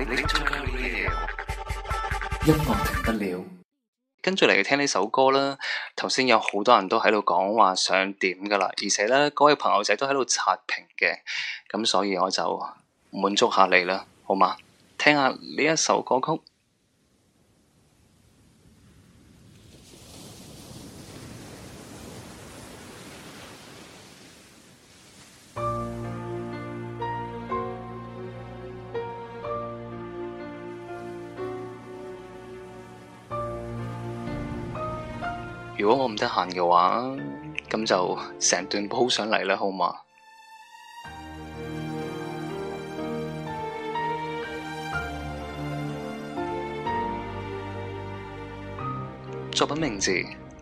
音樂停不了。跟住嚟聽呢首歌啦。頭先有好多人都喺度講話想點㗎喇，而且呢，各位朋友仔都喺度刷屏嘅，咁所以我就滿足下你啦，好嗎？聽下呢一首歌曲。如果我唔得閒嘅話，咁就成段鋪上嚟啦，好嘛？作品名字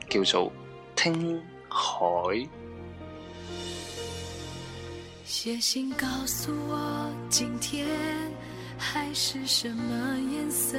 叫做《聽海》。寫信告訴我，今天海是什麼顏色。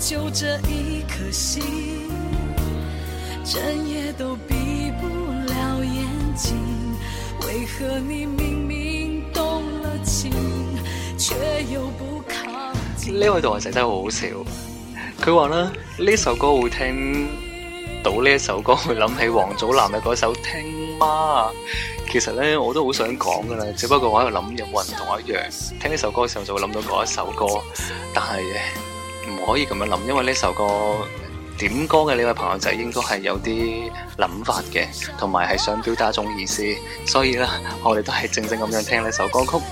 就這一顆心，整夜都閉不了眼睛。為何你明明動了情，卻又不靠近？呢位同學仔真係好好笑，佢話呢呢首歌會聽到呢一首歌會諗起王祖藍嘅嗰首聽媽。其實呢，我都好想講噶啦，只不過我喺度諗有冇人同我一樣，聽呢首歌嘅時候就會諗到嗰一首歌，但係唔可以咁樣諗，因為呢首歌點歌嘅呢位朋友仔，應該係有啲諗法嘅，同埋係想表達一種意思，所以呢，我哋都係正正咁樣聽呢首歌曲。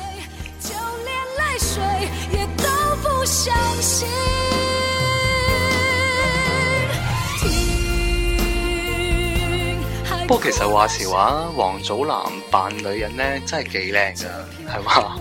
不過其實話時話，黃祖藍扮女人咧，真係幾靚噶，係嘛？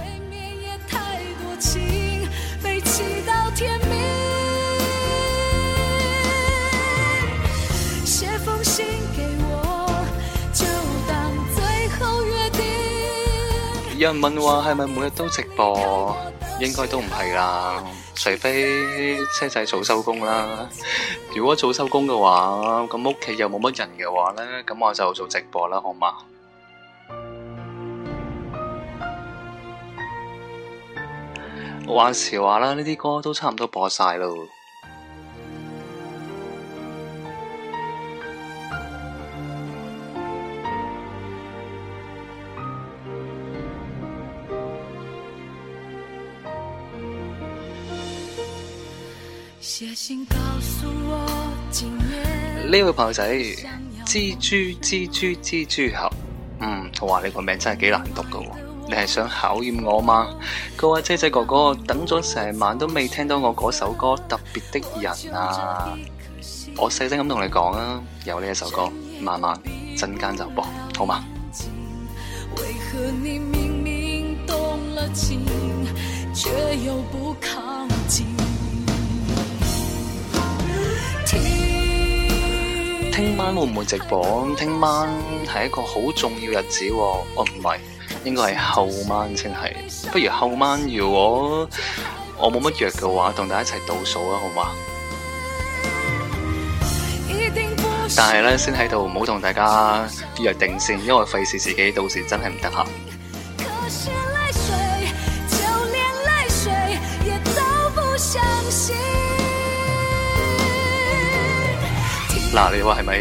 有人問話係咪每日都直播？應該都唔係啦，除非車仔早收工啦。如果早收工嘅話，咁屋企又冇乜人嘅話咧，咁我就做直播啦，好嘛？話時話啦，呢啲歌都差唔多播晒咯。呢位朋友仔，蜘蛛蜘蛛，蜘蛛蜘蛛俠，嗯，我話你個名真係幾難讀噶。你係想考驗我嗎？各位仔仔哥哥，等咗成晚都未聽到我嗰首歌《特別的人》啊！我細聲咁同你講啊，有呢一首歌，慢慢陣間就播，好嘛？為何你明明聽晚會唔會直播？聽晚係一個好重要日子喎。哦，我唔係，應該係後晚先係。不如後晚，如果我冇乜約嘅話，同大家一齊倒數啊，好嘛？是但係咧，先喺度唔好同大家約定先，因為費事自己到時真係唔得閒。嗱，你話係咪？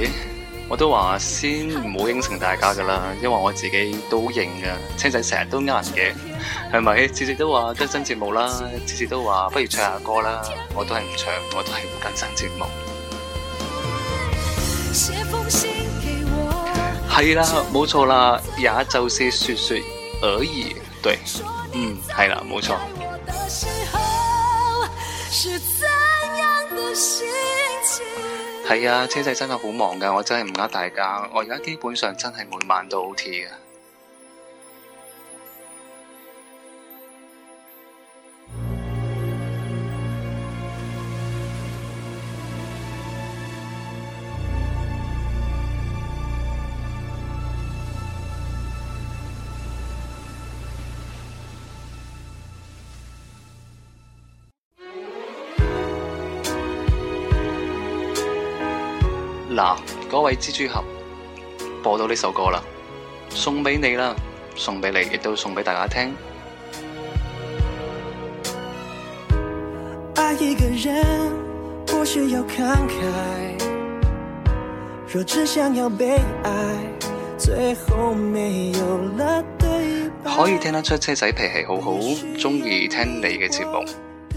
我都話先唔好應承大家噶啦，因為我自己都認噶，青仔成日都呃人嘅，係咪？次次都話更新節目啦，次次都話不如唱下歌啦，我都係唔唱，我都係唔更新節目。寫封信給我。係啦，冇錯啦，也就是說說而已，對，嗯，係啦，冇錯。係啊，車仔真係好忙㗎，我真係唔呃大家，我而家基本上真係每晚都 OT 嘅。哎、蜘蛛俠播到呢首歌啦，送俾你啦，送俾你，亦都送俾大家聽。可以聽得出車仔脾氣好好，中意聽你嘅節目。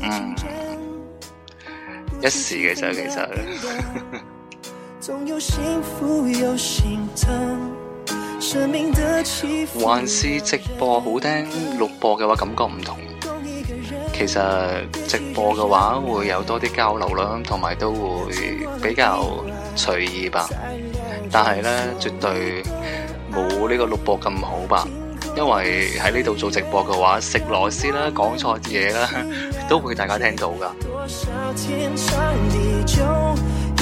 嗯，要一,一時嘅時候，其實。 還是直播好聽，錄播嘅話感覺唔同。其實直播嘅話會有多啲交流啦，同埋都會比較隨意吧。但係呢，絕對冇呢個錄播咁好吧？因為喺呢度做直播嘅話，食螺絲啦，講錯嘢啦，都會大家聽到㗎。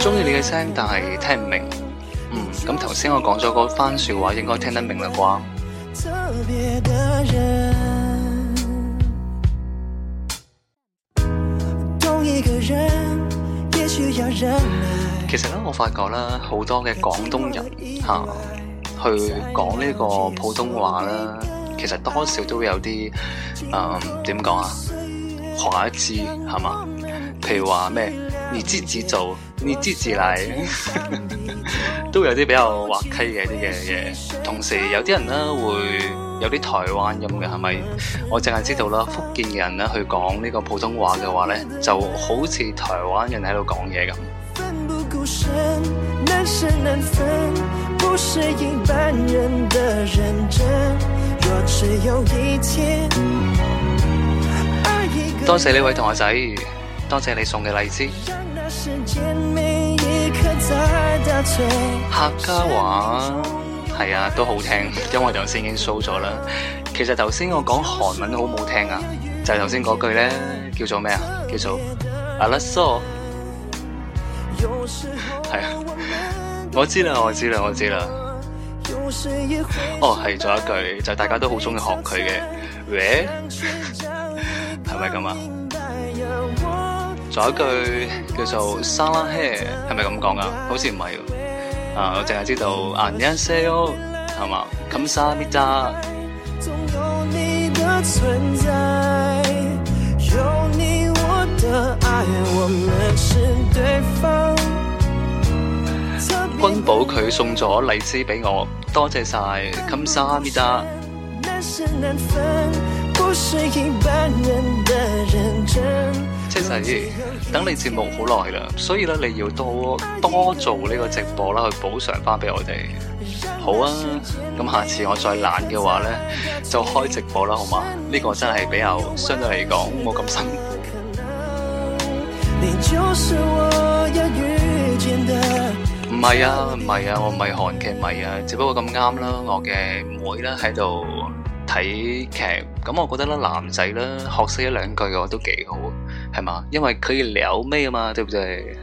中意你嘅聲，但係聽唔明。嗯，咁頭先我講咗嗰番說話，應該聽得明啦啩，嗯？其實呢，我發覺啦，好多嘅廣東人吓、啊、去講呢個普通話啦，其實多少都會有啲誒，點講啊？話知係嘛？譬如話咩，你知自己做，你知自己嚟， 都有啲比較滑稽嘅啲嘅嘢。同時有啲人咧，會有啲台灣音嘅，係咪？我淨係知道啦，福建人咧去講呢個普通話嘅話咧，就好似台灣人喺度講嘢咁。多謝呢位同學仔。多謝你送嘅荔枝。客家話係啊，都好聽。因為頭先已經 show 咗啦。其實頭先我講韓文都好唔好聽啊？就係頭先嗰句咧，叫做咩啊？叫做阿拉索係啊，啊了，我知啦，我知啦，我知啦。哦，係、仲、有一句，就是、大家都好中意學佢嘅喂」，h 係咪咁啊？仲有一句叫做《沙拉 her 係咪咁講噶？好似唔係啊！我淨係知道《Angel、啊、say 的存在，有你我的愛我們是對方金莎咪咋。君寶佢送咗荔枝畀我，多謝晒。金莎咪咋其實等你節目好耐啦，所以咧你要多多做呢個直播啦，去補償翻俾我哋。好啊，咁下次我再懶嘅話咧，就開直播啦，好嘛？呢個真係比較相對嚟講冇咁辛苦。唔係啊，唔係啊，我唔係韓劇迷啊，只不過咁啱啦，我嘅妹咧喺度睇劇，咁我覺得咧男仔咧學識一兩句嘅話都幾好。係嘛，因為可以撩妹嘛，對唔對？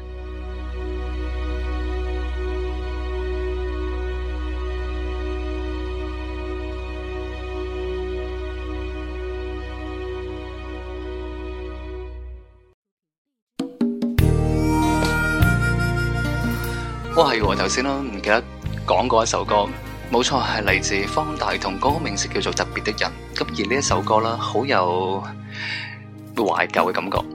係喎頭先啦，唔記得講過一首歌，冇錯，係嚟自方大同，歌名係叫做《特別的人》。咁而呢一首歌啦，好有懷舊嘅感覺。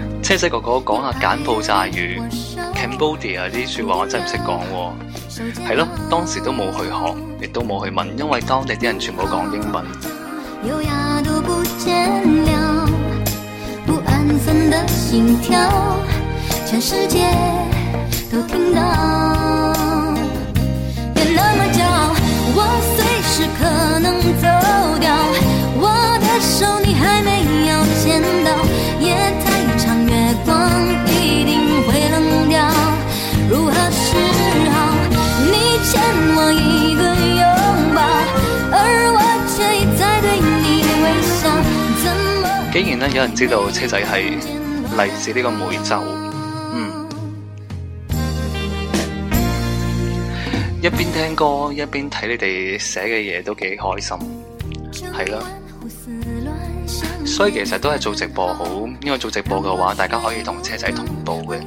細細個個講下柬埔寨語，Cambodia 啲說話，我真係唔識講喎。係咯，當時都冇去學，亦都冇去問，因為當地啲人全部講英文。優雅，都不見了，不安分的心跳，全世界都聽到。竟然有人知道車仔係嚟自呢個梅州，嗯，一邊聽歌，一邊睇你哋寫嘅嘢都幾開心，係啦，所以其實都係做直播好，因為做直播嘅話，大家可以同車仔同步嘅，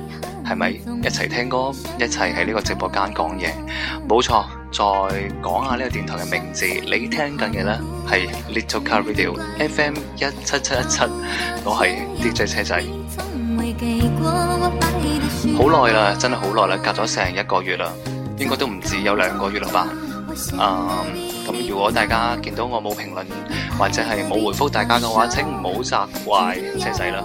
係咪一齊聽歌，一齊喺呢個直播間講嘢，冇錯。再講下呢個電台嘅名字，你聽緊嘅呢係 Little Car Radio FM 一七七一七，我係 DJ 車仔。好耐啦，真係好耐啦，隔咗成一個月啦，應該都唔止有兩個月啦吧？啊，咁如果大家見到我冇評論或者係冇回覆大家嘅話，請唔好責怪車仔啦。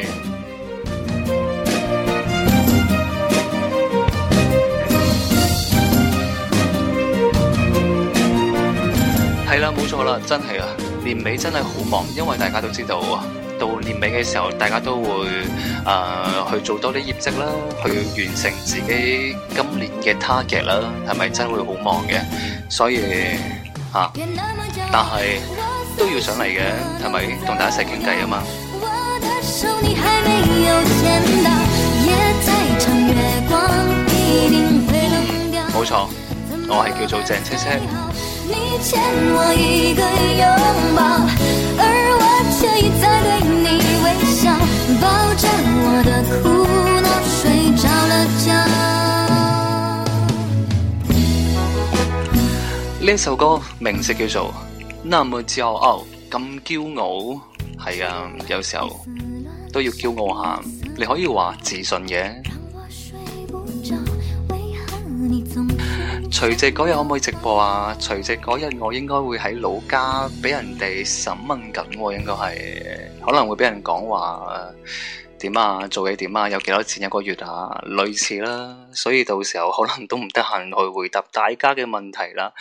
係啦，冇錯啦，真係啊！年尾真係好忙，因為大家都知道，啊，到年尾嘅時候，大家都會誒、呃、去做多啲業績啦，去完成自己今年嘅 target 啦，係咪真係會好忙嘅？所以吓、啊，但係都要上嚟嘅，係咪同大家一齊傾偈啊嘛？嗯，冇 錯，我係叫做鄭茜茜。呢首歌名字叫做《那麼，哦，咁驕傲》，咁驕傲，係啊，有時候都要驕傲下。你可以話自信嘅。除夕嗰日可唔可以直播啊？除夕嗰日我應該會喺老家俾人哋審問緊，啊，應該係可能會俾人講話點啊，做嘢點啊，有幾多錢一個月啊，類似啦。所以到時候可能都唔得閒去回答大家嘅問題啦。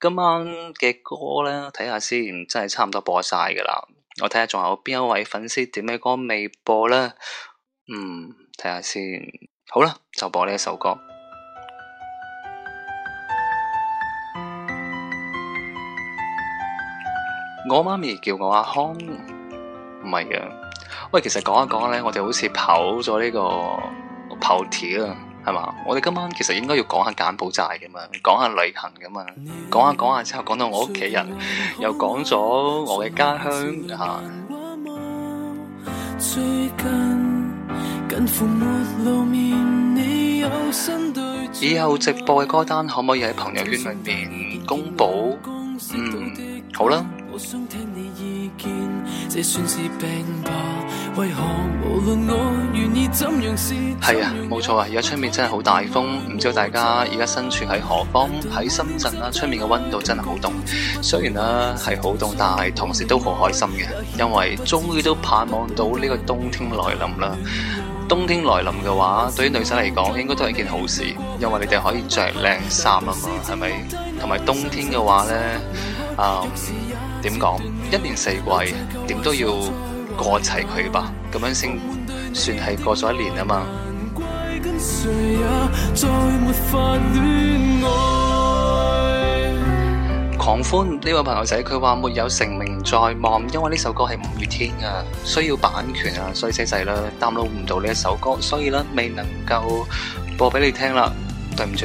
今晚嘅歌咧，睇下先，真係差唔多播晒噶啦。我睇下仲有邊一位粉絲點嘅歌未播咧？嗯，睇下先。好啦，就播呢一首歌。我媽咪叫我阿康，唔係嘅。喂，其實講一講咧，我哋好似跑咗呢，這個跑題啦，係嘛？我哋今晚其實應該要講下柬埔寨嘅嘛，講下旅行嘅嘛，講下講下之後講到我屋企人，又講咗我嘅家鄉吓，啊。以後直播嘅歌單可唔可以喺朋友圈裏邊公布？嗯，好啦。你算係病吧？為何無論我願意怎樣，係啊，冇錯啊！而家出面真係好大風，唔知道大家而家身處喺何方？喺深圳啦，出面嘅溫度真係好凍。雖然咧係好凍，但係同時都好開心嘅，因為終於都盼望到呢個冬天來臨啦。冬天來臨嘅話，對於女生嚟講應該都係一件好事，因為你哋可以着靚衫啊嘛，係咪？同埋冬天嘅話咧，啊、嗯。點講？一年四季，點都要過齊佢吧，咁樣先算係過咗一年啊嘛！狂歡呢位朋友仔，佢話沒有成名在望，因為呢首歌係五月天啊，需要版權啊，所以寫細啦，download 唔到呢一首歌，所以呢未能夠播俾你聽啦，對唔住。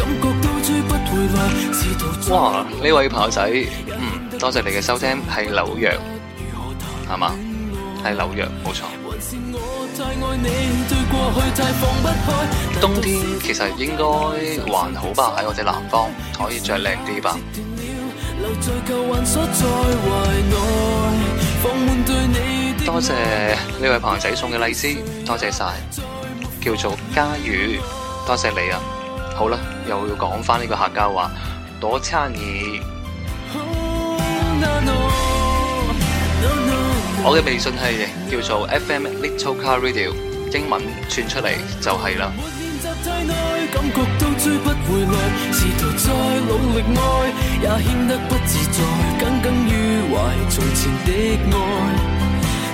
哇！呢位朋友仔，嗯，多謝你嘅收聽，係紐約，係咪？係紐約冇錯。冬天其實應該還好吧？喺我哋南方可以着靚啲吧？多謝呢位朋友仔送嘅荔枝，多謝晒，叫做嘉宇，多謝你啊！好啦，又要講翻呢個客家話，多謝你。我嘅微信係叫做 FM Little Car Radio，英文串出嚟就係啦。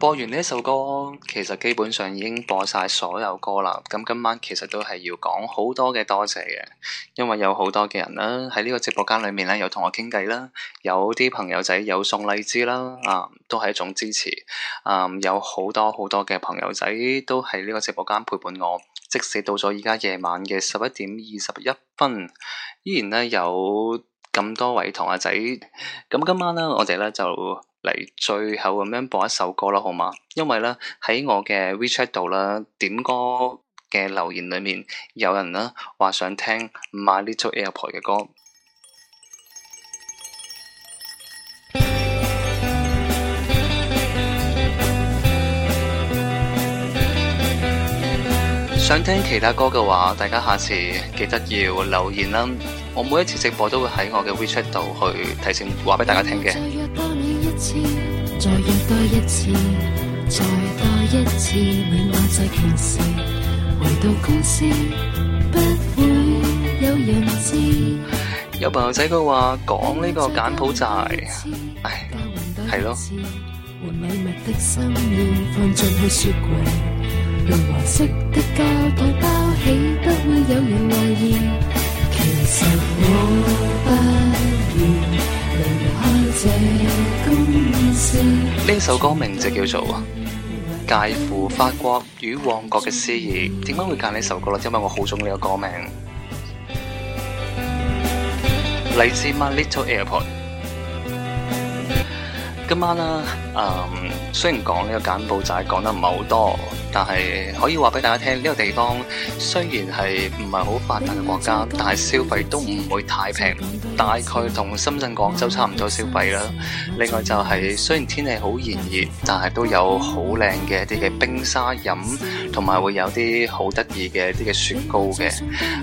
播完呢首歌，其實基本上已經播晒所有歌啦。咁今晚其實都係要講好多嘅多謝嘅，因為有好多嘅人啦，喺呢個直播間裏面咧，有同我傾偈啦，有啲朋友仔有送荔枝啦，啊，都係一種支持。啊，有好多好多嘅朋友仔都喺呢個直播間陪伴我，即使到咗而家夜晚嘅十一點二十一分，依然咧有咁多位同學仔。咁今晚咧，我哋咧就～嚟，最後咁樣播一首歌啦，好嘛？因為咧喺我嘅 WeChat 度啦，點歌嘅留言裏面有人咧話想聽 My Little Airport 嘅歌。 想聽其他歌嘅話，大家下次記得要留言啦。我每一次直播都會喺我嘅 WeChat 度去提醒話俾大家聽嘅。再回到公司不會有人知，朋友仔佢話講呢個柬埔寨，我唉，係咯。呢首歌名就叫做介乎法國與旺角嘅詩意，點解會揀呢首歌呢？因為我好中意呢個歌名，嚟 自 My Little Airport。今晚啊，嗯，雖然講呢個簡報就係講得唔係好多。但係可以話俾大家聽，呢個地方雖然係唔係好發達嘅國家，但係消費都唔會太平，大概同深圳、廣州差唔多消費啦。另外就係，雖然天氣好炎熱，但係都有好靚嘅一啲嘅冰沙飲，同埋會有啲好得意嘅一啲嘅雪糕嘅。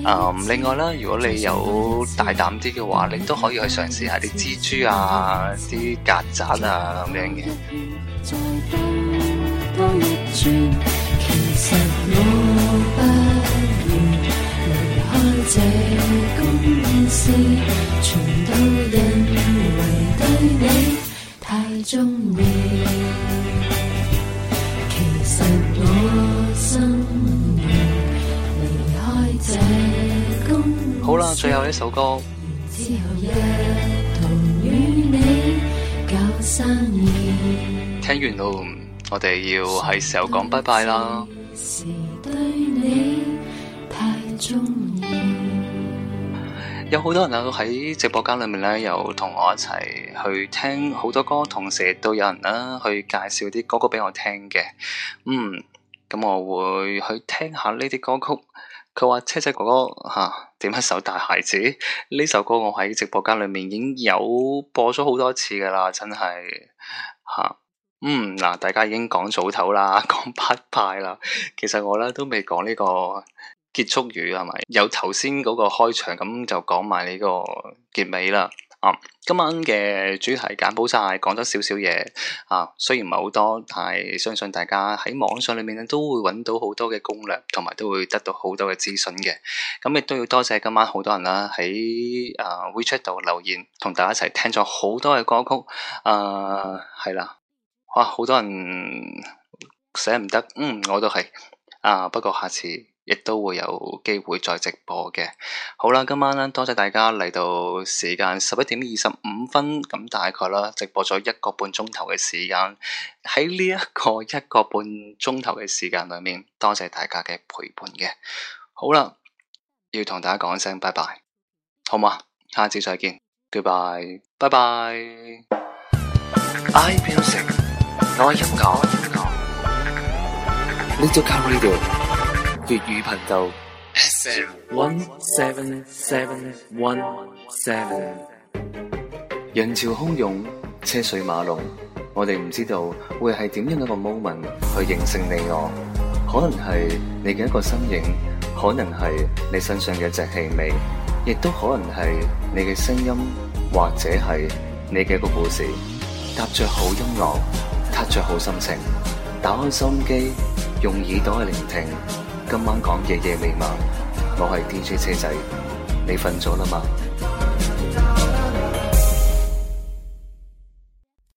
嗯，另外啦，如果你有大膽啲嘅話，你都可以去嘗試下啲蜘蛛啊、啲曱甴啊咁樣嘅。 好啦，最後一首歌。 聽完咯。我哋要係時候講拜拜啦。有好多人喺直播間裏面咧，又同我一齊去聽好多歌，同時亦都有人啦去介紹啲歌曲俾我聽嘅。嗯，咁我會去聽一下呢啲歌曲。佢話車仔哥哥吓點一首大孩子。呢首歌我喺直播間裏面已經有播咗好多次噶啦，真係吓。啊嗯，嗱，大家已經講早唞啦，講八派啦，其實我咧都未講呢個結束語係咪？有頭先嗰個開場咁就講埋呢個結尾啦。啊，今晚嘅主題簡保晒，講咗少少嘢啊，雖然唔係好多，但係相信大家喺網上裏面咧都會揾到好多嘅攻略，同埋都會得到好多嘅資訊嘅。咁亦都要多謝今晚好多人啦，喺啊 WeChat 度留言，同大家一齊聽咗好多嘅歌曲。啊，係啦。哇，好多人捨唔得，嗯，我都係啊，不過下次亦都會有機會再直播嘅。好啦，今晚咧多謝大家嚟到，時間十一點二十五分，咁大概啦，直播咗一個半鐘頭嘅時間。喺呢一個一個半鐘頭嘅時間裏面，多謝大家嘅陪伴嘅。好啦，要同大家講聲拜拜，好唔好啊？下次再見，Goodbye，拜拜。愛音樂，Little Car Radio 粵語頻道。One Seven Seven One Seven。人潮洶湧，車水馬龍，我哋唔知道會係點樣一個 moment 去形成你我，可能係你嘅一個身影，可能係你身上嘅一隻氣味，亦都可能係你嘅聲音，或者係你嘅一個故事，搭著好音樂。刻着好心情，打開收音機，用耳朵去聆聽，今晚講夜夜未晚，我係 DJ 車仔，你瞓咗啦嗎？